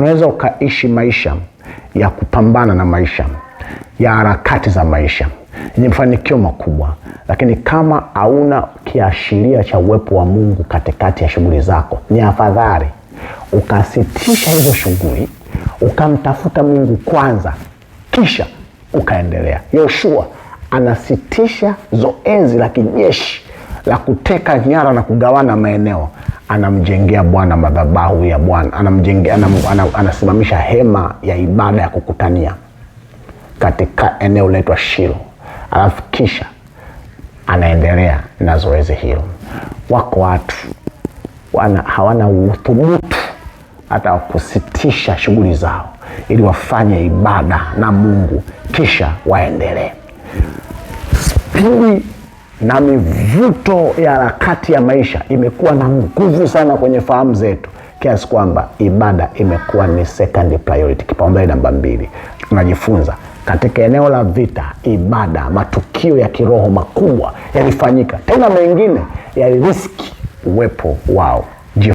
unaweza ukaishi maisha ya kupambana na maisha ya harakati za maisha yenye mafanikio makubwa, lakini kama hauna kiashiria cha uwepo wa Mungu katikati ya shughuli zako, ni afadhali ukasitisha hizo shughuli ukamtafuta Mungu kwanza, kisha ukaendelea. Yoshua anasitisha zoezi la kijeshi la kuteka nyara na kugawana maeneo, anamjengea Bwana madhabahu ya Bwana, anamjengea anam, anam, anasimamisha hema ya ibada ya kukutania katika eneo linaitwa Shilo, alafu kisha anaendelea na zoezi hilo. Wako watu wana, hawana uthubutu hata kusitisha shughuli zao ili wafanye ibada na Mungu kisha waendelee spidi na mivuto ya harakati ya maisha imekuwa na nguvu sana kwenye fahamu zetu kiasi kwamba ibada imekuwa ni second priority, kipaumbele namba mbili. Tunajifunza katika eneo la vita, ibada, matukio ya kiroho makubwa yalifanyika, tena mengine yaliriski uwepo wao.